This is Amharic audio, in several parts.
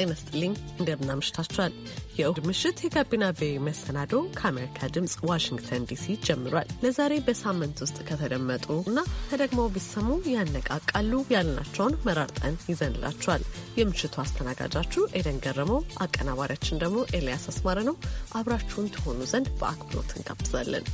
ጤና ስጥልኝ። እንደምናምሽታችኋል። የእሁድ ምሽት የጋቢና ቪኦኤ መሰናዶ ከአሜሪካ ድምፅ ዋሽንግተን ዲሲ ጀምሯል። ለዛሬ በሳምንት ውስጥ ከተደመጡ እና ተደግመው ቢሰሙ ያነቃቃሉ ያልናቸውን መራርጠን ይዘንላችኋል። የምሽቱ አስተናጋጃችሁ ኤደን ገረመው፣ አቀናባሪያችን ደግሞ ኤልያስ አስማረ ነው። አብራችሁን ትሆኑ ዘንድ በአክብሮት እንጋብዛለን።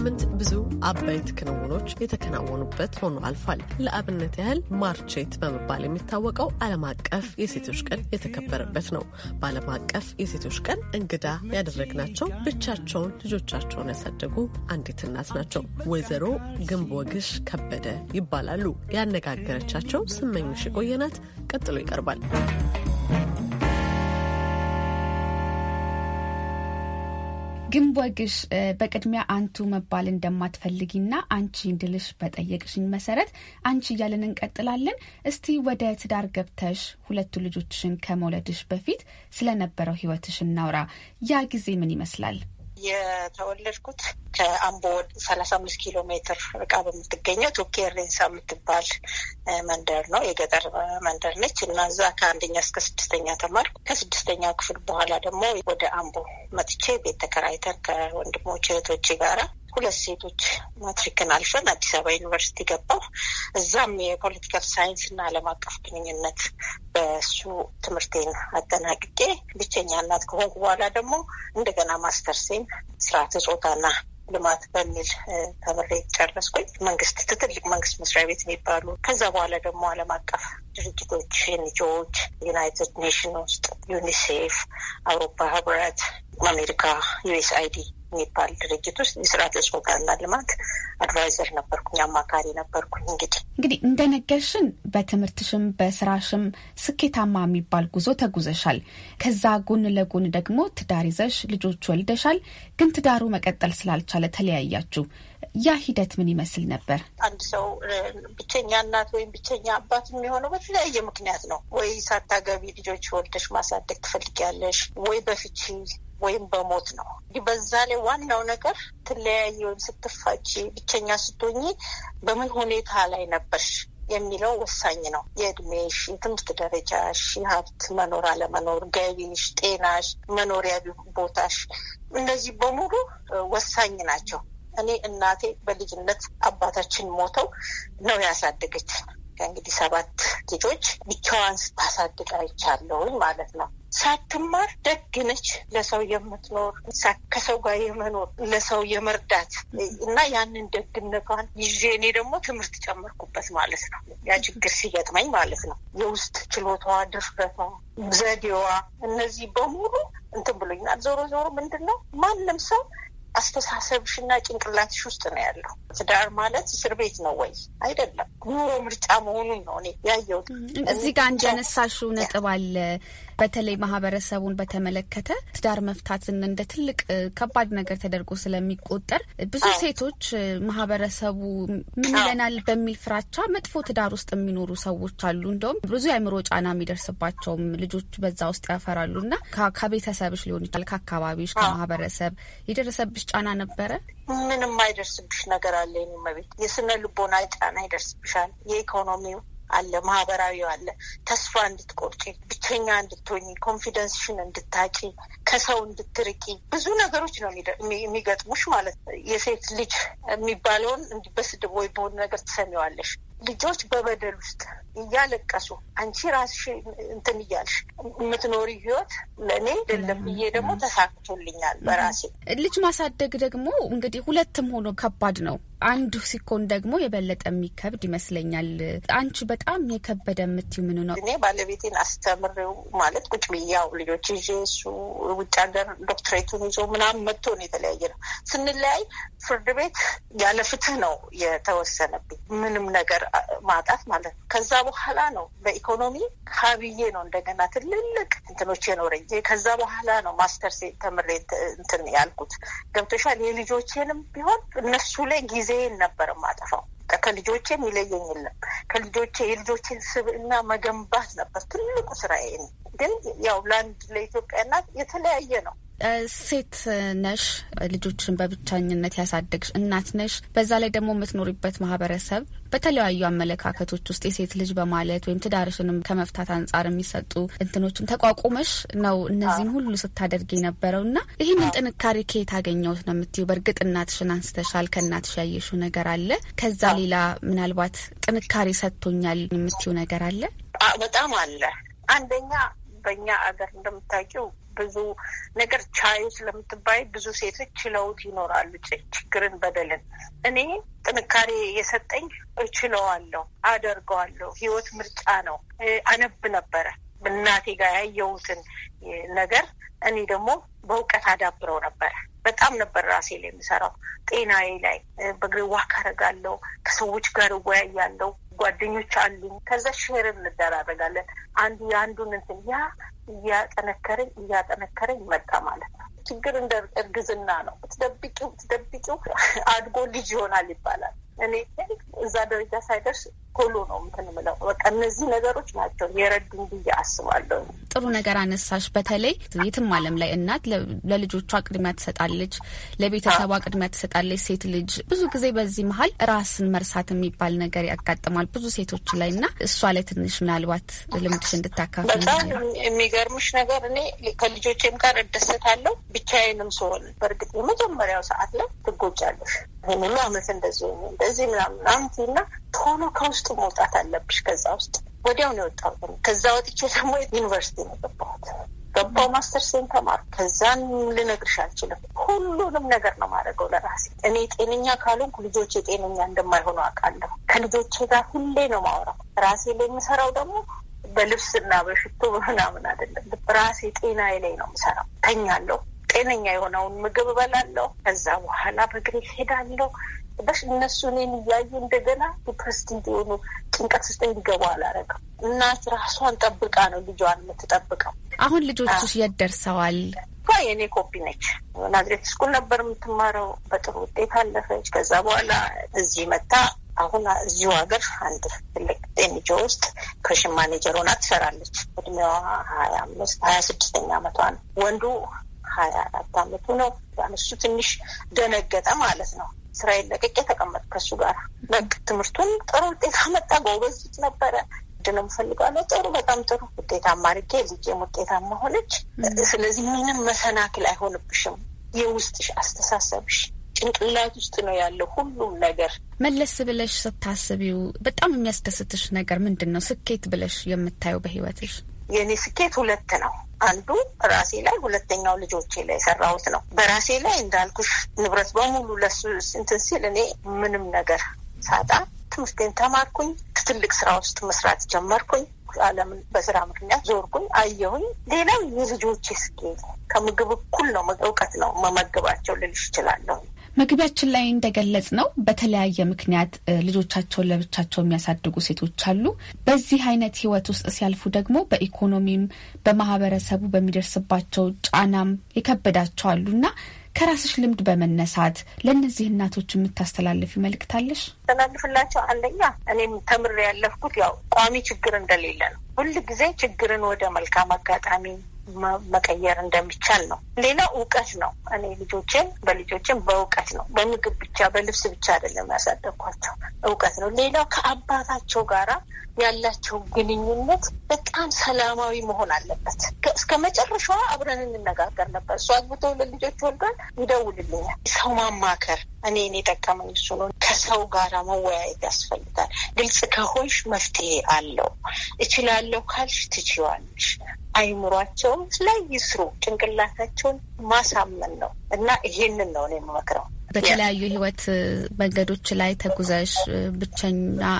ሳምንት ብዙ አበይት ክንውኖች የተከናወኑበት ሆኖ አልፏል። ለአብነት ያህል ማርቼት በመባል የሚታወቀው ዓለም አቀፍ የሴቶች ቀን የተከበረበት ነው። በዓለም አቀፍ የሴቶች ቀን እንግዳ ያደረግናቸው ብቻቸውን ልጆቻቸውን ያሳደጉ አንዲት እናት ናቸው። ወይዘሮ ግንቦግሽ ከበደ ይባላሉ። ያነጋገረቻቸው ስመኝሽ የቆየናት ቀጥሎ ይቀርባል። ግን ወግሽ በቅድሚያ አንቱ መባል እንደማትፈልጊና አንቺ እንድልሽ በጠየቅሽኝ መሰረት አንቺ እያለን እንቀጥላለን። እስቲ ወደ ትዳር ገብተሽ ሁለቱ ልጆችሽን ከመውለድሽ በፊት ስለነበረው ህይወትሽ እናውራ። ያ ጊዜ ምን ይመስላል? የተወለድኩት ከአምቦ ሰላሳ አምስት ኪሎ ሜትር ርቃ በምትገኘው ቶኬ ሬንሳ የምትባል መንደር ነው። የገጠር መንደር ነች እና እዛ ከአንደኛ እስከ ስድስተኛ ተማርኩ። ከስድስተኛው ክፍል በኋላ ደግሞ ወደ አምቦ መጥቼ ቤት ተከራይተን ከወንድሞች እህቶች ጋራ ሁለት ሴቶች ማትሪክን አልፈን አዲስ አበባ ዩኒቨርሲቲ ገባሁ። እዛም የፖለቲካል ሳይንስ እና ዓለም አቀፍ ግንኙነት በሱ ትምህርቴን አጠናቅቄ ብቸኛ እናት ከሆንኩ በኋላ ደግሞ እንደገና ማስተርሴን ስርዓተ ጾታና ልማት በሚል ተምሬ ጨረስኩኝ። መንግስት ትትልቅ መንግስት መስሪያ ቤት የሚባሉ ከዛ በኋላ ደግሞ ዓለም አቀፍ ድርጅቶች ኤንጂኦዎች፣ ዩናይትድ ኔሽን ውስጥ ዩኒሴፍ፣ አውሮፓ ህብረት፣ አሜሪካ ዩኤስ የሚባል ድርጅት ውስጥ የስርዓተ ጾታና ልማት አድቫይዘር ነበርኩኝ፣ አማካሪ ነበርኩኝ። እንግዲህ እንግዲህ እንደነገርሽን በትምህርትሽም በስራሽም ስኬታማ የሚባል ጉዞ ተጉዘሻል። ከዛ ጎን ለጎን ደግሞ ትዳር ይዘሽ ልጆች ወልደሻል። ግን ትዳሩ መቀጠል ስላልቻለ ተለያያችሁ። ያ ሂደት ምን ይመስል ነበር? አንድ ሰው ብቸኛ እናት ወይም ብቸኛ አባት የሚሆነው በተለያየ ምክንያት ነው። ወይ ሳታገቢ ልጆች ወልደሽ ማሳደግ ትፈልጊያለሽ፣ ወይ በፍቺ ወይም በሞት ነው። በዛ ላይ ዋናው ነገር ትለያየ ወይም ስትፋች ብቸኛ ስትሆኚ በምን ሁኔታ ላይ ነበርሽ የሚለው ወሳኝ ነው። የእድሜሽ፣ የትምህርት ደረጃሽ፣ የሀብት መኖር አለመኖር፣ ገቢሽ፣ ጤናሽ፣ መኖሪያ ቦታሽ እነዚህ በሙሉ ወሳኝ ናቸው። እኔ እናቴ በልጅነት አባታችን ሞተው ነው ያሳደገችን። እንግዲህ ሰባት ልጆች ብቻዋን ስታሳድግ አይቻለውኝ ማለት ነው። ሳትማር ደግ ነች፣ ለሰው የምትኖር ከሰው ጋር የመኖር ለሰው የመርዳት እና ያንን ደግነቷን ይዤ እኔ ደግሞ ትምህርት ጨመርኩበት ማለት ነው። ያ ችግር ሲገጥመኝ ማለት ነው የውስጥ ችሎቷ፣ ድፍረቷ፣ ዘዴዋ እነዚህ በሙሉ እንትን ብሎኛል። ዞሮ ዞሮ ምንድን ነው ማንም ሰው ሽና ጭንቅላትሽ ውስጥ ነው ያለው። ትዳር ማለት እስር ቤት ነው ወይ? አይደለም። ኑሮ ምርጫ መሆኑን ነው እኔ ያየሁት። እዚህ ጋር እንደነሳሽው ነጥብ አለ በተለይ ማህበረሰቡን በተመለከተ ትዳር መፍታትን እንደ ትልቅ ከባድ ነገር ተደርጎ ስለሚቆጠር ብዙ ሴቶች ማህበረሰቡ ምን ይለናል በሚል ፍራቻ መጥፎ ትዳር ውስጥ የሚኖሩ ሰዎች አሉ። እንደውም ብዙ የአእምሮ ጫና የሚደርስባቸውም ልጆች በዛ ውስጥ ያፈራሉ እና ከቤተሰብሽ ሊሆን ይችላል ከአካባቢዎች ከማህበረሰብ የደረሰብሽ ጫና ነበረ? ምንም አይደርስብሽ ነገር አለ። የሚመቤት የስነ ልቦና ጫና ይደርስብሻል። የኢኮኖሚው አለ፣ ማህበራዊ አለ። ተስፋ እንድትቆርጪ፣ ብቸኛ እንድትሆኝ፣ ኮንፊደንስሽን እንድታጪ፣ ከሰው እንድትርቂ ብዙ ነገሮች ነው የሚገጥሙሽ ማለት ነው። የሴት ልጅ የሚባለውን በስድብ ወይ በሆነ ነገር ትሰሚዋለሽ። ልጆች በበደል ውስጥ እያለቀሱ አንቺ ራስሽ እንትን እያልሽ የምትኖሪ ህይወት ለእኔ ደለም ብዬ ደግሞ ተሳክቶልኛል በራሴ ልጅ ማሳደግ ደግሞ እንግዲህ ሁለትም ሆኖ ከባድ ነው። አንዱ ሲኮን ደግሞ የበለጠ የሚከብድ ይመስለኛል። አንቺ በጣም የከበደ የምትይው ምን ነው? እኔ ባለቤቴን አስተምሬው ማለት ቁጭ ብያው ልጆች ይዤ እሱ ውጭ ሀገር ዶክትሬቱን ይዞ ምናምን መጥቶን የተለያየ ነው። ስንለያይ ፍርድ ቤት ያለ ፍትህ ነው የተወሰነብኝ ምንም ነገር ማጣት ማለት ነው። ከዛ በኋላ ነው በኢኮኖሚ ሀብዬ ነው እንደገና ትልልቅ እንትኖች የኖረኝ። ከዛ በኋላ ነው ማስተርስ ተምሬ እንትን ያልኩት። ገብቶሻል። የልጆቼንም ቢሆን እነሱ ላይ ጊዜ ጊዜን ነበር ማጠፋው ከልጆቼ የሚለየኝ የለም። ከልጆቼ የልጆችን ስብዕና መገንባት ነበር ትልቁ ስራዬ። ግን ያው ለአንድ ለኢትዮጵያ እናት የተለያየ ነው። ሴት ነሽ፣ ልጆችን በብቻኝነት ያሳደግሽ እናት ነሽ። በዛ ላይ ደግሞ የምትኖሪበት ማህበረሰብ በተለያዩ አመለካከቶች ውስጥ የሴት ልጅ በማለት ወይም ትዳርሽንም ከመፍታት አንጻር የሚሰጡ እንትኖችን ተቋቁመሽ ነው እነዚህን ሁሉ ስታደርግ የነበረው እና ይህንን ጥንካሬ ከየት አገኘሁት ነው የምትይው? በእርግጥ እናትሽን አንስተሻል። ከእናትሽ ያየሽው ነገር አለ። ከዛ ሌላ ምናልባት ጥንካሬ ሰጥቶኛል የምትይው ነገር አለ? በጣም አለ። አንደኛ በእኛ አገር እንደምታውቂው ብዙ ነገር ቻዩ ስለምትባይ ብዙ ሴቶች ችለውት ይኖራሉ ችግርን፣ በደልን። እኔ ጥንካሬ የሰጠኝ እችለዋለሁ፣ አደርገዋለሁ። ህይወት ምርጫ ነው። አነብ ነበረ እናቴ ጋር ያየሁትን ነገር እኔ ደግሞ በእውቀት አዳብረው ነበረ። በጣም ነበር ራሴ ላይ የምሰራው። ጤናዬ ላይ በእግሬ ዋክ አደርጋለሁ፣ ከሰዎች ጋር እወያያለሁ። ጓደኞች አሉ። ከዛ ሼር እንደራረጋለን። አንዱ የአንዱን እንትን ያ እያጠነከረኝ እያጠነከረኝ መጣ ማለት ነው። ችግር እንደ እርግዝና ነው። ብትደብቂው ብትደብቂው አድጎ ልጅ ይሆናል ይባላል። እኔ እዛ ደረጃ ሳይደርስ ቶሎ ነው እንትን ምለው በቃ እነዚህ ነገሮች ናቸው የረዱን ብዬ አስባለሁ። ጥሩ ነገር አነሳሽ። በተለይ የትም ዓለም ላይ እናት ለልጆቿ ቅድሚያ ትሰጣለች፣ ለቤተሰቧ ቅድሚያ ትሰጣለች። ሴት ልጅ ብዙ ጊዜ በዚህ መሀል ራስን መርሳት የሚባል ነገር ያጋጥማል ብዙ ሴቶች ላይ እና እሷ ላይ ትንሽ ምናልባት ልምድሽ እንድታካፍ በጣም የሚገርምሽ ነገር እኔ ከልጆቼም ጋር እደሰታለሁ ብቻዬንም ስሆን። በእርግጥ የመጀመሪያው ሰዓት ላይ ትጎጫለሽ። ይህንኑ አመት እንደዚህ እንደዚህ ምናምን አምቲ እና ቶሎ ከውስ ተነሳሽቶ መውጣት አለብሽ ከዛ ውስጥ። ወዲያው ነው የወጣሁት። ከዛ ወጥቼ ደግሞ ዩኒቨርሲቲ ነው ገባሁት። ገባሁ ማስተርሴን ተማር። ከዛን ልነግርሽ አልችልም። ሁሉንም ነገር ነው ማድረገው ለራሴ። እኔ ጤነኛ ካልሆንኩ ልጆቼ ጤነኛ እንደማይሆኑ አውቃለሁ። ከልጆቼ ጋር ሁሌ ነው ማውራው። ራሴ ላይ የምሰራው ደግሞ በልብስና በሽቶ ምናምን አይደለም። ራሴ ጤና ላይ ነው የምሰራው። ተኛለሁ። ጤነኛ የሆነውን ምግብ እበላለሁ። ከዛ በኋላ በግሬ ሄዳለሁ። ባሽ እነሱ እኔን እያዩ እንደገና ዲፕረስድ እንዲሆኑ ጭንቀት ውስጥ እንዲገቡ አላረግም። እናት ራሷን ጠብቃ ነው ልጇን የምትጠብቀው። አሁን ልጆችሽ የት ደርሰዋል? የእኔ ኮፒ ነች። ናዝሬት ስኩል ነበር የምትማረው። በጥሩ ውጤት አለፈች። ከዛ በኋላ እዚህ መታ። አሁን እዚሁ ሀገር አንድ ትልቅ ጤንጆ ውስጥ ክሬሽን ማኔጀር ሆና ትሰራለች። እድሜዋ ሀያ አምስት ሀያ ስድስተኛ አመቷ ነው። ወንዱ ሀያ አራት አመቱ ነው። እሱ ትንሽ ደነገጠ ማለት ነው። ስራ ለቅቄ ተቀመጥኩ ከሱ ጋር። በቃ ትምህርቱን ጥሩ ውጤት አመጣ፣ ጎበዝ ነበረ። ድነው ፈልገዋለሁ ጥሩ በጣም ጥሩ ውጤታማ አድርጌ ልጄም ውጤታማ ሆነች። ስለዚህ ምንም መሰናክል አይሆንብሽም። የውስጥሽ አስተሳሰብሽ ጭንቅላት ውስጥ ነው ያለው ሁሉም ነገር። መለስ ብለሽ ስታስቢው በጣም የሚያስደስትሽ ነገር ምንድን ነው? ስኬት ብለሽ የምታየው በህይወትሽ የእኔ ስኬት ሁለት ነው። አንዱ ራሴ ላይ፣ ሁለተኛው ልጆቼ ላይ የሰራሁት ነው። በራሴ ላይ እንዳልኩሽ ንብረት በሙሉ ለሱ እንትን ሲል እኔ ምንም ነገር ሳጣ ትምህርቴን ተማርኩኝ። ትልቅ ስራ ውስጥ መስራት ጀመርኩኝ። ዓለምን በስራ ምክንያት ዞርኩኝ፣ አየሁኝ። ሌላው የልጆቼ ስኬት ከምግብ እኩል ነው፣ እውቀት ነው መመግባቸው ልልሽ እችላለሁ። መግቢያችን ላይ እንደገለጽ ነው በተለያየ ምክንያት ልጆቻቸውን ለብቻቸው የሚያሳድጉ ሴቶች አሉ። በዚህ አይነት ህይወት ውስጥ ሲያልፉ ደግሞ በኢኮኖሚም በማህበረሰቡ በሚደርስባቸው ጫናም የከበዳቸው እና ከራስሽ ልምድ በመነሳት ለእነዚህ እናቶች የምታስተላልፍ ይመልክታለሽ? ተላልፍላቸው አንደኛ እኔም ተምሬ ያለፍኩት ያው ቋሚ ችግር እንደሌለ ነው። ሁል ጊዜ ችግርን ወደ መልካም አጋጣሚ መቀየር እንደሚቻል ነው። ሌላው እውቀት ነው። እኔ ልጆችን በልጆችን በእውቀት ነው፣ በምግብ ብቻ በልብስ ብቻ አይደለም ያሳደግኳቸው፣ እውቀት ነው። ሌላው ከአባታቸው ጋራ ያላቸው ግንኙነት በጣም ሰላማዊ መሆን አለበት። እስከ መጨረሻዋ አብረን እንነጋገር ነበር። እሱ አግብቶ ለልጆች ወልዷል፣ ይደውልልኛል። ሰው ማማከር እኔ እኔ ጠቀመኝ እሱ ነው። ከሰው ጋር መወያየት ያስፈልጋል። ግልጽ ከሆንሽ መፍትሄ አለው። እችላለሁ ካልሽ ትችዋለሽ። አይምሯቸውን ላይ ይስሩ፣ ጭንቅላታቸውን ማሳመን ነው እና ይሄንን ነው እኔ የምመክረው። በተለያዩ ህይወት መንገዶች ላይ ተጉዘሽ ብቸኛ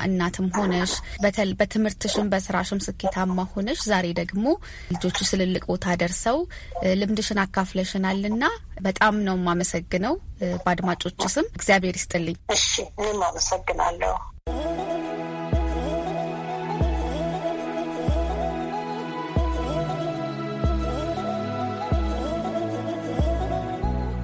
እናትም ሆነሽ በትምህርትሽም በስራሽም ስኬታማ ሆነሽ ዛሬ ደግሞ ልጆቹ ትልልቅ ቦታ ደርሰው ልምድሽን አካፍለሽናል እና በጣም ነው የማመሰግነው። በአድማጮች ስም እግዚአብሔር ይስጥልኝ። እሺ፣ እኔም አመሰግናለሁ።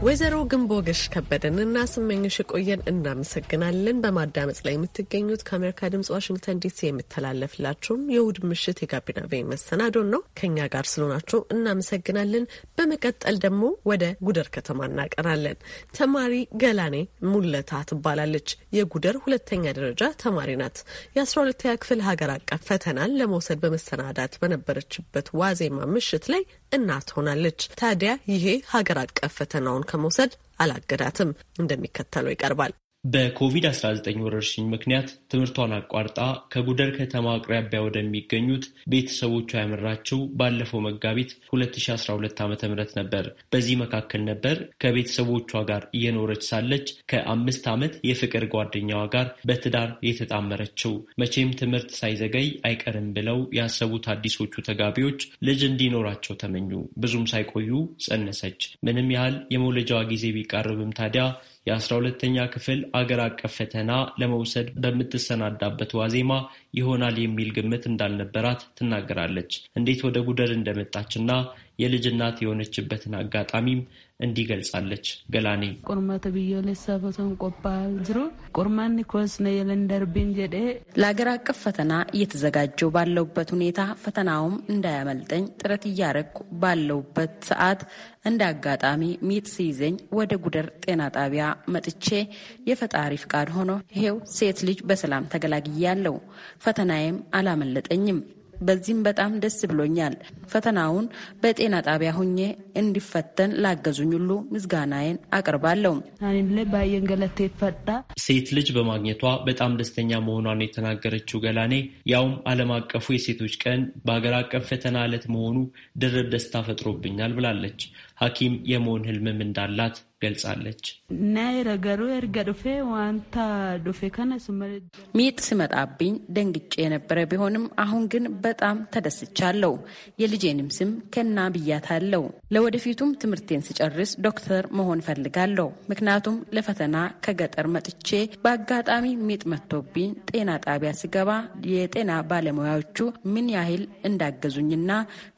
ወይዘሮ ግንቦገሽ ከበደንና ስመኞሽ ቆየን እናመሰግናለን። በማዳመጥ ላይ የምትገኙት ከአሜሪካ ድምጽ ዋሽንግተን ዲሲ የሚተላለፍላችሁም የእሁድ ምሽት የጋቢና ቤ መሰናዶን ነው። ከኛ ጋር ስለሆናችሁ እናመሰግናለን። በመቀጠል ደግሞ ወደ ጉደር ከተማ እናቀናለን። ተማሪ ገላኔ ሙለታ ትባላለች። የጉደር ሁለተኛ ደረጃ ተማሪ ናት። የአስራ ሁለተኛ ክፍል ሀገር አቀፍ ፈተናን ለመውሰድ በመሰናዳት በነበረችበት ዋዜማ ምሽት ላይ እናት ሆናለች። ታዲያ ይሄ ሀገር አቀፍ ፈተናውን ከመውሰድ አላገዳትም። እንደሚከተለው ይቀርባል። በኮቪድ-19 ወረርሽኝ ምክንያት ትምህርቷን አቋርጣ ከጉደር ከተማ አቅራቢያ ወደሚገኙት ቤተሰቦቿ ያመራችው ባለፈው መጋቢት 2012 ዓ ም ነበር። በዚህ መካከል ነበር ከቤተሰቦቿ ጋር እየኖረች ሳለች ከአምስት ዓመት የፍቅር ጓደኛዋ ጋር በትዳር የተጣመረችው። መቼም ትምህርት ሳይዘገይ አይቀርም ብለው ያሰቡት አዲሶቹ ተጋቢዎች ልጅ እንዲኖራቸው ተመኙ። ብዙም ሳይቆዩ ጸነሰች። ምንም ያህል የመውለጃዋ ጊዜ ቢቃርብም ታዲያ የአስራ ሁለተኛ ክፍል አገር አቀፍ ፈተና ለመውሰድ በምትሰናዳበት ዋዜማ ይሆናል የሚል ግምት እንዳልነበራት ትናገራለች። እንዴት ወደ ጉደር እንደመጣችና የልጅ እናት የሆነችበትን አጋጣሚም እንዲህ ገልጻለች። ገላኔ ለሀገር አቀፍ ፈተና እየተዘጋጀው ባለውበት ሁኔታ ፈተናውም እንዳያመልጠኝ ጥረት እያረግኩ ባለውበት ሰዓት እንደ አጋጣሚ ሚጥ ሲይዘኝ ወደ ጉደር ጤና ጣቢያ መጥቼ የፈጣሪ ፍቃድ ሆኖ ይሄው ሴት ልጅ በሰላም ተገላግያለሁ። ፈተናዬም አላመለጠኝም። በዚህም በጣም ደስ ብሎኛል። ፈተናውን በጤና ጣቢያ ሁኜ እንዲፈተን ላገዙኝ ሁሉ ምስጋናዬን አቅርባለሁ። ሴት ልጅ በማግኘቷ በጣም ደስተኛ መሆኗን የተናገረችው ገላኔ ያውም ዓለም አቀፉ የሴቶች ቀን በሀገር አቀፍ ፈተና ዕለት መሆኑ ድርብ ደስታ ፈጥሮብኛል ብላለች። ሐኪም የመሆን ህልምም እንዳላት ገልጻለች። ሚጥ ስመጣብኝ ደንግጬ የነበረ ቢሆንም አሁን ግን በጣም ተደስቻለሁ። የልጄንም ስም ከና ብያታለሁ። ለወደፊቱም ትምህርቴን ስጨርስ ዶክተር መሆን ፈልጋለሁ። ምክንያቱም ለፈተና ከገጠር መጥቼ በአጋጣሚ ሚጥ መጥቶብኝ ጤና ጣቢያ ስገባ የጤና ባለሙያዎቹ ምን ያህል እንዳገዙኝና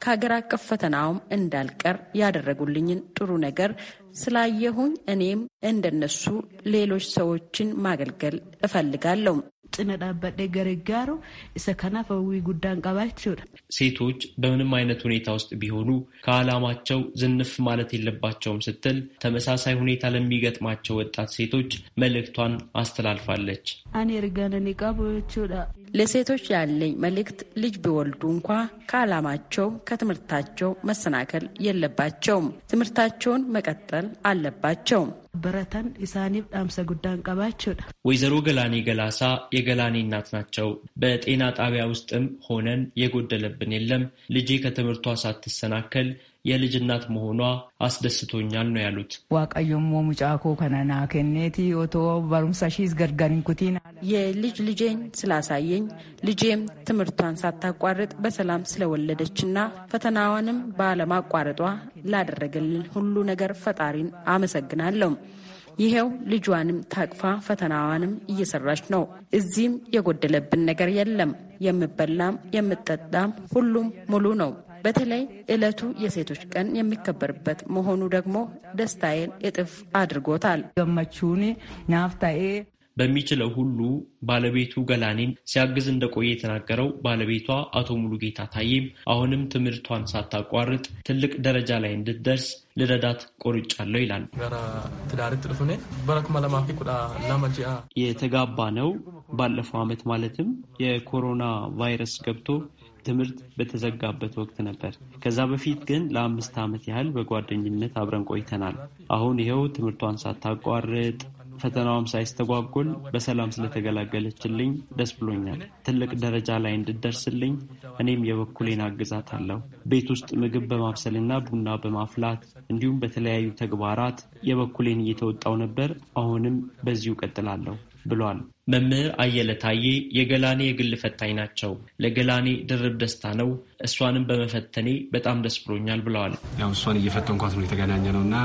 ከሀገር አቀፍ ፈተናውም እንዳልቀር ያደረጉልኝን ጥሩ ነገር ስላየሁኝ እኔም እንደነሱ ሌሎች ሰዎችን ማገልገል እፈልጋለሁ። ሴቶች በምንም አይነት ሁኔታ ውስጥ ቢሆኑ ከዓላማቸው ዝንፍ ማለት የለባቸውም ስትል ተመሳሳይ ሁኔታ ለሚገጥማቸው ወጣት ሴቶች መልእክቷን አስተላልፋለች። ለሴቶች ያለኝ መልእክት ልጅ ቢወልዱ እንኳ ከዓላማቸው ከትምህርታቸው መሰናከል የለባቸውም። ትምህርታቸውን መቀጠል አለባቸው። በረተን ኢሳኒብ ዳምሰ ጉዳን ቀባቸው። ወይዘሮ ገላኔ ገላሳ የገላኔ እናት ናቸው። በጤና ጣቢያ ውስጥም ሆነን የጎደለብን የለም ልጄ ከትምህርቷ ሳትሰናከል የልጅ እናት መሆኗ አስደስቶኛል ነው ያሉት። ዋቀዮሞ ሙጫኮ ከነና ከኔቲ ኦቶ ባሩምሳሺስ ገርጋሪንኩቲን የልጅ ልጄን ስላሳየኝ ልጄም ትምህርቷን ሳታቋርጥ በሰላም ስለወለደችና ፈተናዋንም ባለማቋረጧ ላደረገልን ሁሉ ነገር ፈጣሪን አመሰግናለሁ። ይሄው ልጇንም ታቅፋ ፈተናዋንም እየሰራች ነው። እዚህም የጎደለብን ነገር የለም። የምበላም የምጠጣም ሁሉም ሙሉ ነው። በተለይ ዕለቱ የሴቶች ቀን የሚከበርበት መሆኑ ደግሞ ደስታዬን እጥፍ አድርጎታል። ገመቹን ናፍታዬ በሚችለው ሁሉ ባለቤቱ ገላኔን ሲያግዝ እንደቆየ የተናገረው ባለቤቷ አቶ ሙሉጌታ ታዬም አሁንም ትምህርቷን ሳታቋርጥ ትልቅ ደረጃ ላይ እንድትደርስ ልረዳት ቆርጫለሁ ይላል። የተጋባ ነው ባለፈው ዓመት ማለትም የኮሮና ቫይረስ ገብቶ ትምህርት በተዘጋበት ወቅት ነበር። ከዛ በፊት ግን ለአምስት ዓመት ያህል በጓደኝነት አብረን ቆይተናል። አሁን ይኸው ትምህርቷን ሳታቋርጥ ፈተናውም ሳይስተጓጎል በሰላም ስለተገላገለችልኝ ደስ ብሎኛል። ትልቅ ደረጃ ላይ እንድደርስልኝ እኔም የበኩሌን አግዛት አለው። ቤት ውስጥ ምግብ በማብሰልና ቡና በማፍላት እንዲሁም በተለያዩ ተግባራት የበኩሌን እየተወጣው ነበር። አሁንም በዚሁ ቀጥላለሁ ብሏል። መምህር አየለ ታዬ የገላኔ የግል ፈታኝ ናቸው። ለገላኔ ድርብ ደስታ ነው። እሷንም በመፈተኔ በጣም ደስ ብሎኛል ብለዋል። ያው እሷን እየፈተንኳት ነው የተገናኘ ነው እና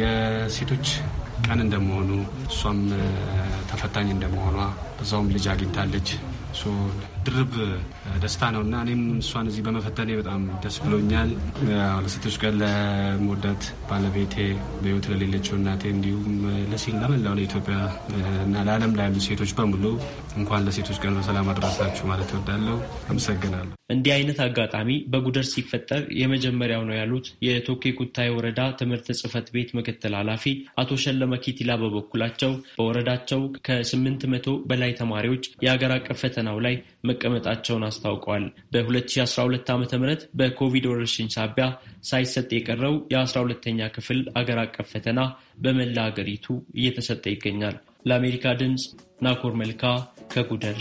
የሴቶች ቀን እንደመሆኑ እሷም ተፈታኝ እንደመሆኗ በዛውም ልጅ አግኝታለች ድርብ ደስታ ነው እና እኔም እሷን እዚህ በመፈተኔ በጣም ደስ ብሎኛል። ለሴቶች ቀን ለመወዳት ባለቤቴ በህይወት ለሌለችው እናቴ እንዲሁም ለሲል ለመላው ለኢትዮጵያ እና ለዓለም ላይ ያሉ ሴቶች በሙሉ እንኳን ለሴቶች ቀን በሰላም አድረሳችሁ ማለት እወዳለሁ። አመሰግናለሁ። እንዲህ አይነት አጋጣሚ በጉደር ሲፈጠር የመጀመሪያው ነው ያሉት የቶኬ ኩታይ ወረዳ ትምህርት ጽህፈት ቤት ምክትል ኃላፊ አቶ ሸለመ ኪቲላ በበኩላቸው በወረዳቸው ከስምንት መቶ በላይ ተማሪዎች የአገር አቀፍ ፈተናው ላይ መቀመጣቸውን አስታውቀዋል። በ2012 ዓ ም በኮቪድ ወረርሽኝ ሳቢያ ሳይሰጥ የቀረው የ12ተኛ ክፍል አገር አቀፍ ፈተና በመላ አገሪቱ እየተሰጠ ይገኛል። ለአሜሪካ ድምፅ ናኮር መልካ ከጉደር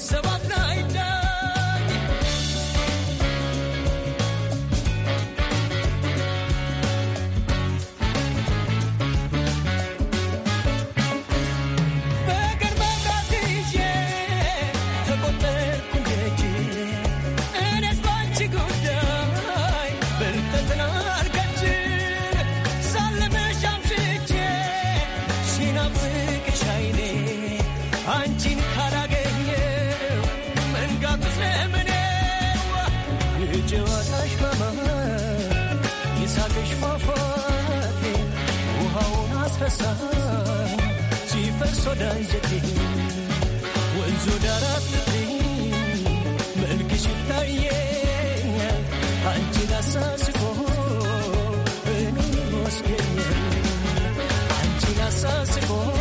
Seven. I'm sensible.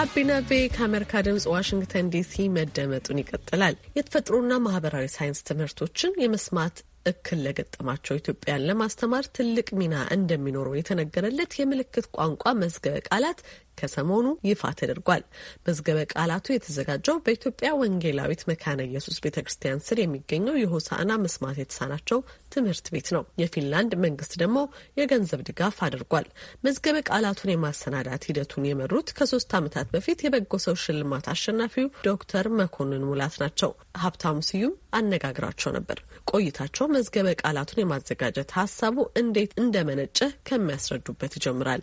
ጋቢና ቤ ከአሜሪካ ድምፅ ዋሽንግተን ዲሲ መደመጡን ይቀጥላል። የተፈጥሮና ማህበራዊ ሳይንስ ትምህርቶችን የመስማት እክል ለገጠማቸው ኢትዮጵያን ለማስተማር ትልቅ ሚና እንደሚኖረው የተነገረለት የምልክት ቋንቋ መዝገበ ቃላት ከሰሞኑ ይፋ ተደርጓል። መዝገበ ቃላቱ የተዘጋጀው በኢትዮጵያ ወንጌላዊት መካነ ኢየሱስ ቤተ ክርስቲያን ስር የሚገኘው የሆሳዕና መስማት የተሳናቸው ትምህርት ቤት ነው። የፊንላንድ መንግስት ደግሞ የገንዘብ ድጋፍ አድርጓል። መዝገበ ቃላቱን የማሰናዳት ሂደቱን የመሩት ከሶስት ዓመታት በፊት የበጎ ሰው ሽልማት አሸናፊው ዶክተር መኮንን ሙላት ናቸው። ሀብታሙ ስዩም አነጋግራቸው ነበር። ቆይታቸው መዝገበ ቃላቱን የማዘጋጀት ሀሳቡ እንዴት እንደመነጨ ከሚያስረዱበት ይጀምራል።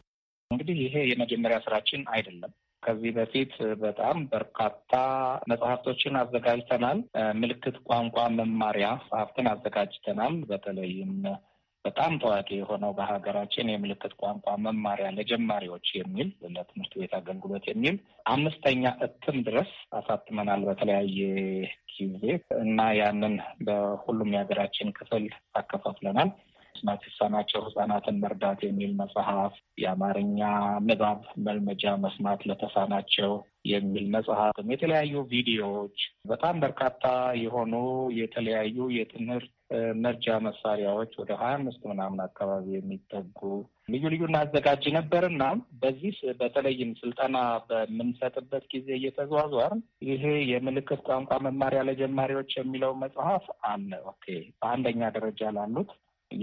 እንግዲህ ይሄ የመጀመሪያ ስራችን አይደለም። ከዚህ በፊት በጣም በርካታ መጽሐፍቶችን አዘጋጅተናል። ምልክት ቋንቋ መማሪያ መጽሐፍትን አዘጋጅተናል። በተለይም በጣም ታዋቂ የሆነው በሀገራችን የምልክት ቋንቋ መማሪያ ለጀማሪዎች የሚል ለትምህርት ቤት አገልግሎት የሚል አምስተኛ እትም ድረስ አሳትመናል በተለያየ ጊዜ እና ያንን በሁሉም የሀገራችን ክፍል አከፋፍለናል። መስማት ሲሳናቸው ህጻናትን መርዳት የሚል መጽሐፍ፣ የአማርኛ ንባብ መልመጃ መስማት ለተሳናቸው የሚል መጽሐፍም፣ የተለያዩ ቪዲዮዎች፣ በጣም በርካታ የሆኑ የተለያዩ የትምህርት መርጃ መሳሪያዎች ወደ ሀያ አምስት ምናምን አካባቢ የሚጠጉ ልዩ ልዩ እናዘጋጅ ነበር እና በዚህ በተለይም ስልጠና በምንሰጥበት ጊዜ እየተዟዟር ይሄ የምልክት ቋንቋ መማሪያ ለጀማሪዎች የሚለው መጽሐፍ አለ። ኦኬ በአንደኛ ደረጃ ላሉት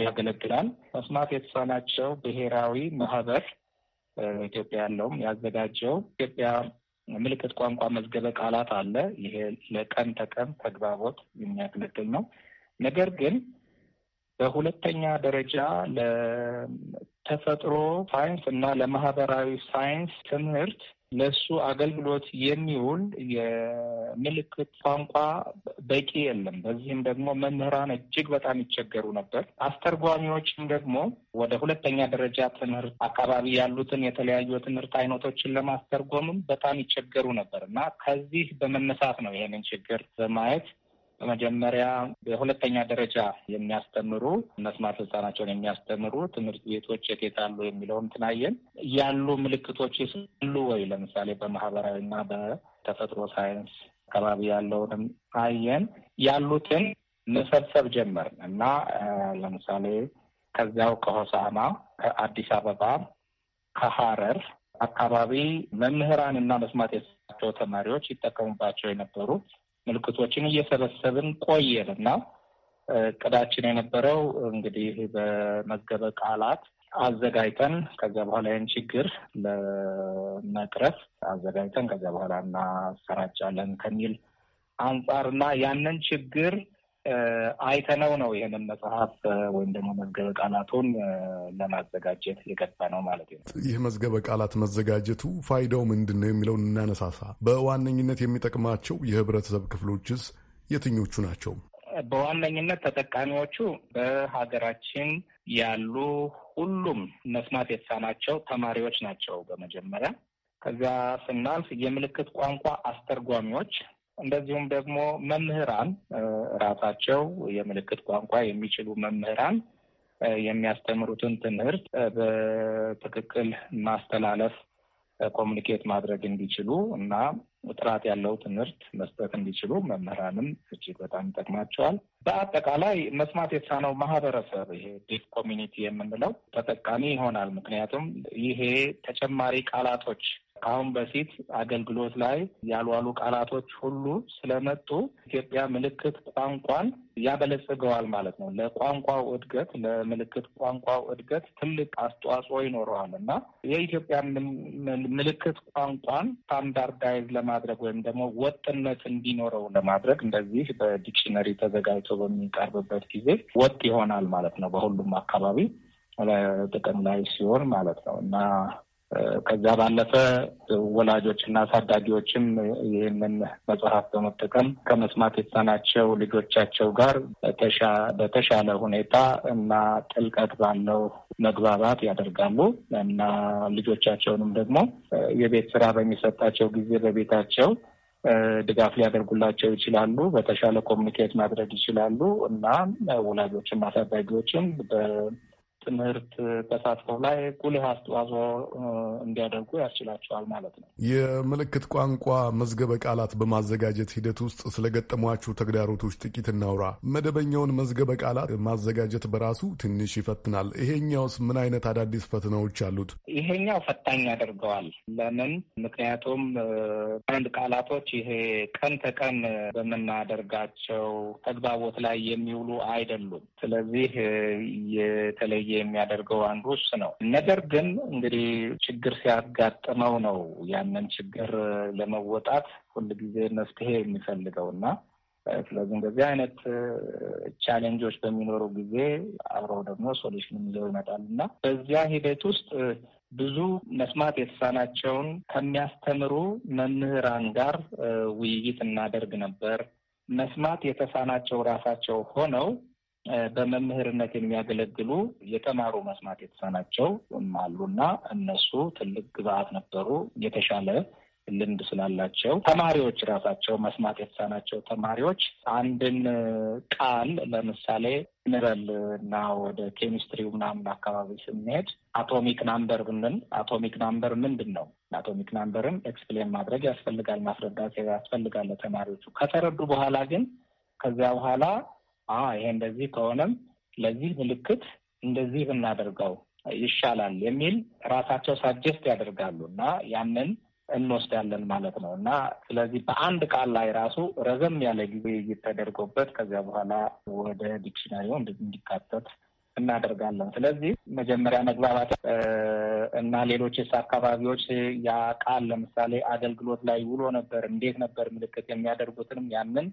ያገለግላል። መስማት የተሳናቸው ብሔራዊ ማህበር ኢትዮጵያ ያለውም ያዘጋጀው ኢትዮጵያ ምልክት ቋንቋ መዝገበ ቃላት አለ። ይሄ ለቀን ተቀን ተግባቦት የሚያገለግል ነው። ነገር ግን በሁለተኛ ደረጃ ለተፈጥሮ ሳይንስ እና ለማህበራዊ ሳይንስ ትምህርት ለሱ አገልግሎት የሚውል የምልክት ቋንቋ በቂ የለም። በዚህም ደግሞ መምህራን እጅግ በጣም ይቸገሩ ነበር። አስተርጓሚዎችም ደግሞ ወደ ሁለተኛ ደረጃ ትምህርት አካባቢ ያሉትን የተለያዩ የትምህርት አይነቶችን ለማስተርጎምም በጣም ይቸገሩ ነበር እና ከዚህ በመነሳት ነው ይሄንን ችግር በማየት በመጀመሪያ በሁለተኛ ደረጃ የሚያስተምሩ መስማት ህጻናቸውን የሚያስተምሩ ትምህርት ቤቶች የት አሉ የሚለውን ትናየን ያሉ ምልክቶች አሉ ወይ ለምሳሌ በማህበራዊና በተፈጥሮ ሳይንስ አካባቢ ያለውንም አየን። ያሉትን መሰብሰብ ጀመር እና ለምሳሌ ከዚያው ከሆሳማ፣ ከአዲስ አበባ፣ ከሀረር አካባቢ መምህራን እና መስማት የተሳናቸው ተማሪዎች ይጠቀሙባቸው የነበሩት ምልክቶችን እየሰበሰብን ቆየን እና እቅዳችን የነበረው እንግዲህ በመዝገበ ቃላት አዘጋጅተን ከዚያ በኋላ ይህን ችግር ለመቅረፍ አዘጋጅተን ከዚያ በኋላ እናሰራጫለን ከሚል አንጻርና ያንን ችግር አይተነው ነው ይህንን መጽሐፍ ወይም ደግሞ መዝገበ ቃላቱን ለማዘጋጀት የገባ ነው ማለት ነው። ይህ መዝገበ ቃላት መዘጋጀቱ ፋይዳው ምንድን ነው የሚለውን እናነሳሳ። በዋነኝነት የሚጠቅማቸው የህብረተሰብ ክፍሎችስ የትኞቹ ናቸው? በዋነኝነት ተጠቃሚዎቹ በሀገራችን ያሉ ሁሉም መስማት የተሳናቸው ተማሪዎች ናቸው በመጀመሪያ ከዚያ ስናልፍ የምልክት ቋንቋ አስተርጓሚዎች እንደዚሁም ደግሞ መምህራን ራሳቸው የምልክት ቋንቋ የሚችሉ መምህራን የሚያስተምሩትን ትምህርት በትክክል ማስተላለፍ ኮሚኒኬት ማድረግ እንዲችሉ እና ጥራት ያለው ትምህርት መስጠት እንዲችሉ መምህራንም እጅግ በጣም ይጠቅማቸዋል። በአጠቃላይ መስማት የተሳነው ማህበረሰብ ይሄ ዲፍ ኮሚኒቲ የምንለው ተጠቃሚ ይሆናል። ምክንያቱም ይሄ ተጨማሪ ቃላቶች ከአሁን በፊት አገልግሎት ላይ ያልዋሉ ቃላቶች ሁሉ ስለመጡ ኢትዮጵያ ምልክት ቋንቋን ያበለጽገዋል ማለት ነው። ለቋንቋው እድገት፣ ለምልክት ቋንቋው እድገት ትልቅ አስተዋጽኦ ይኖረዋል እና የኢትዮጵያ ምልክት ቋንቋን ስታንዳርዳይዝ ለማድረግ ወይም ደግሞ ወጥነት እንዲኖረው ለማድረግ እንደዚህ በዲክሽነሪ ተዘጋጅቶ በሚቀርብበት ጊዜ ወጥ ይሆናል ማለት ነው። በሁሉም አካባቢ ጥቅም ላይ ሲሆን ማለት ነው እና ከዛ ባለፈ ወላጆች እና አሳዳጊዎችም ይህንን መጽሐፍ በመጠቀም ከመስማት የተሳናቸው ልጆቻቸው ጋር በተሻለ ሁኔታ እና ጥልቀት ባለው መግባባት ያደርጋሉ እና ልጆቻቸውንም ደግሞ የቤት ስራ በሚሰጣቸው ጊዜ በቤታቸው ድጋፍ ሊያደርጉላቸው ይችላሉ። በተሻለ ኮሚኒኬት ማድረግ ይችላሉ እና ወላጆችም አሳዳጊዎችም ትምህርት ተሳትፎ ላይ ጉልህ አስተዋጽኦ እንዲያደርጉ ያስችላቸዋል ማለት ነው። የምልክት ቋንቋ መዝገበ ቃላት በማዘጋጀት ሂደት ውስጥ ስለገጠሟችሁ ተግዳሮቶች ጥቂት እናውራ። መደበኛውን መዝገበ ቃላት ማዘጋጀት በራሱ ትንሽ ይፈትናል። ይሄኛውስ ምን አይነት አዳዲስ ፈተናዎች አሉት? ይሄኛው ፈታኝ ያደርገዋል። ለምን? ምክንያቱም አንድ ቃላቶች ይሄ ቀን ተቀን በምናደርጋቸው ተግባቦት ላይ የሚውሉ አይደሉም። ስለዚህ የተለየ የሚያደርገው አንዱ እሱ ነው። ነገር ግን እንግዲህ ችግር ሲያጋጥመው ነው ያንን ችግር ለመወጣት ሁልጊዜ መፍትሄ የሚፈልገው እና ስለዚህ እንደዚህ አይነት ቻሌንጆች በሚኖሩ ጊዜ አብረው ደግሞ ሶሉሽን ይዘው ይመጣል እና በዚያ ሂደት ውስጥ ብዙ መስማት የተሳናቸውን ከሚያስተምሩ መምህራን ጋር ውይይት እናደርግ ነበር። መስማት የተሳናቸው ራሳቸው ሆነው በመምህርነት የሚያገለግሉ የተማሩ መስማት የተሳናቸው አሉና እነሱ ትልቅ ግብአት ነበሩ። የተሻለ ልምድ ስላላቸው ተማሪዎች ራሳቸው መስማት የተሳናቸው ተማሪዎች አንድን ቃል ለምሳሌ ንበል እና ወደ ኬሚስትሪው ምናምን አካባቢ ስንሄድ አቶሚክ ናምበር ብንል አቶሚክ ናምበር ምንድን ነው? አቶሚክ ናምበርን ኤክስፕሌን ማድረግ ያስፈልጋል፣ ማስረዳት ያስፈልጋል ለተማሪዎቹ። ከተረዱ በኋላ ግን ከዚያ በኋላ ይሄ እንደዚህ ከሆነም ለዚህ ምልክት እንደዚህ ብናደርገው ይሻላል የሚል ራሳቸው ሳጀስት ያደርጋሉ እና ያንን እንወስዳለን ማለት ነው እና ስለዚህ በአንድ ቃል ላይ ራሱ ረዘም ያለ ጊዜ እየተደርጎበት ከዚያ በኋላ ወደ ዲክሽናሪው እንዲካተት እናደርጋለን። ስለዚህ መጀመሪያ መግባባት እና ሌሎችስ አካባቢዎች ያ ቃል ለምሳሌ አገልግሎት ላይ ውሎ ነበር፣ እንዴት ነበር ምልክት የሚያደርጉትንም ያንን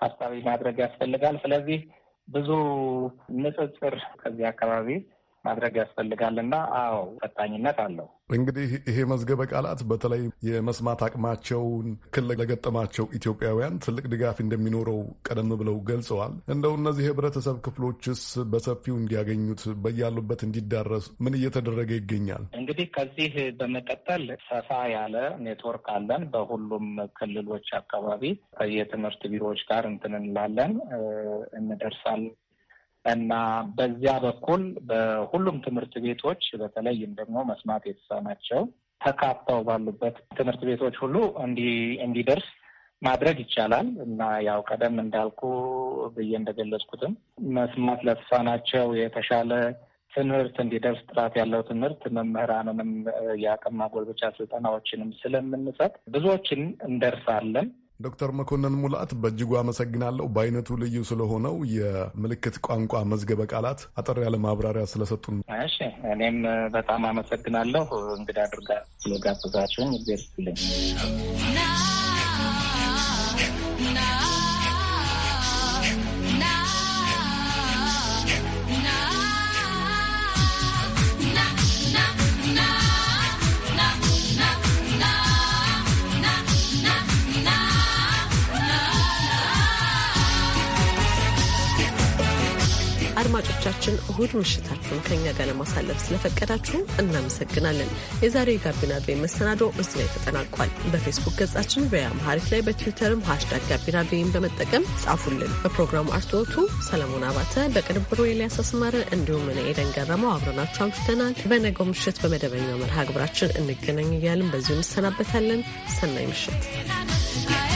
ታሳቢ ማድረግ ያስፈልጋል። ስለዚህ ብዙ ንጽጽር ከዚህ አካባቢ ማድረግ ያስፈልጋልና አዎ ፈጣኝነት አለው። እንግዲህ ይሄ መዝገበ ቃላት በተለይ የመስማት አቅማቸውን ክል ለገጠማቸው ኢትዮጵያውያን ትልቅ ድጋፍ እንደሚኖረው ቀደም ብለው ገልጸዋል። እንደው እነዚህ የህብረተሰብ ክፍሎችስ በሰፊው እንዲያገኙት በያሉበት እንዲዳረሱ ምን እየተደረገ ይገኛል? እንግዲህ ከዚህ በመቀጠል ሰፋ ያለ ኔትወርክ አለን። በሁሉም ክልሎች አካባቢ ከየትምህርት ቢሮዎች ጋር እንትን እንላለን እንደርሳለን እና በዚያ በኩል በሁሉም ትምህርት ቤቶች በተለይም ደግሞ መስማት የተሳናቸው ተካተው ባሉበት ትምህርት ቤቶች ሁሉ እንዲደርስ ማድረግ ይቻላል እና ያው ቀደም እንዳልኩ ብዬ እንደገለጽኩትም መስማት ለተሳናቸው የተሻለ ትምህርት እንዲደርስ ጥራት ያለው ትምህርት መምህራንንም የአቅም ማጎልበቻ ስልጠናዎችንም ስለምንሰጥ ብዙዎችን እንደርሳለን። ዶክተር መኮንን ሙላት በእጅጉ አመሰግናለሁ። በአይነቱ ልዩ ስለሆነው የምልክት ቋንቋ መዝገበ ቃላት አጠር ያለ ማብራሪያ ስለሰጡን። እሺ፣ እኔም በጣም አመሰግናለሁ እንግዳ አድርጋ ስለጋበዛችሁን። ዝግጅታችን እሁድ ምሽታችሁን ከኛ ጋር ለማሳለፍ ስለፈቀዳችሁ እናመሰግናለን። የዛሬው የጋቢና ቤ መሰናዶ እዚህ ላይ ተጠናቋል። በፌስቡክ ገጻችን በአምሃሪክ ላይ በትዊተርም ሀሽታግ ጋቢና ቤን በመጠቀም ጻፉልን። በፕሮግራሙ አርትዖቱ ሰለሞን አባተ፣ በቅንብሩ ኤልያስ አስማረ እንዲሁም እኔ ኤደን ገረመው አብረናችሁ አምሽተናል። በነገው ምሽት በመደበኛው መርሃ ግብራችን እንገናኝ እያልን በዚሁ እንሰናበታለን። ሰናይ ምሽት።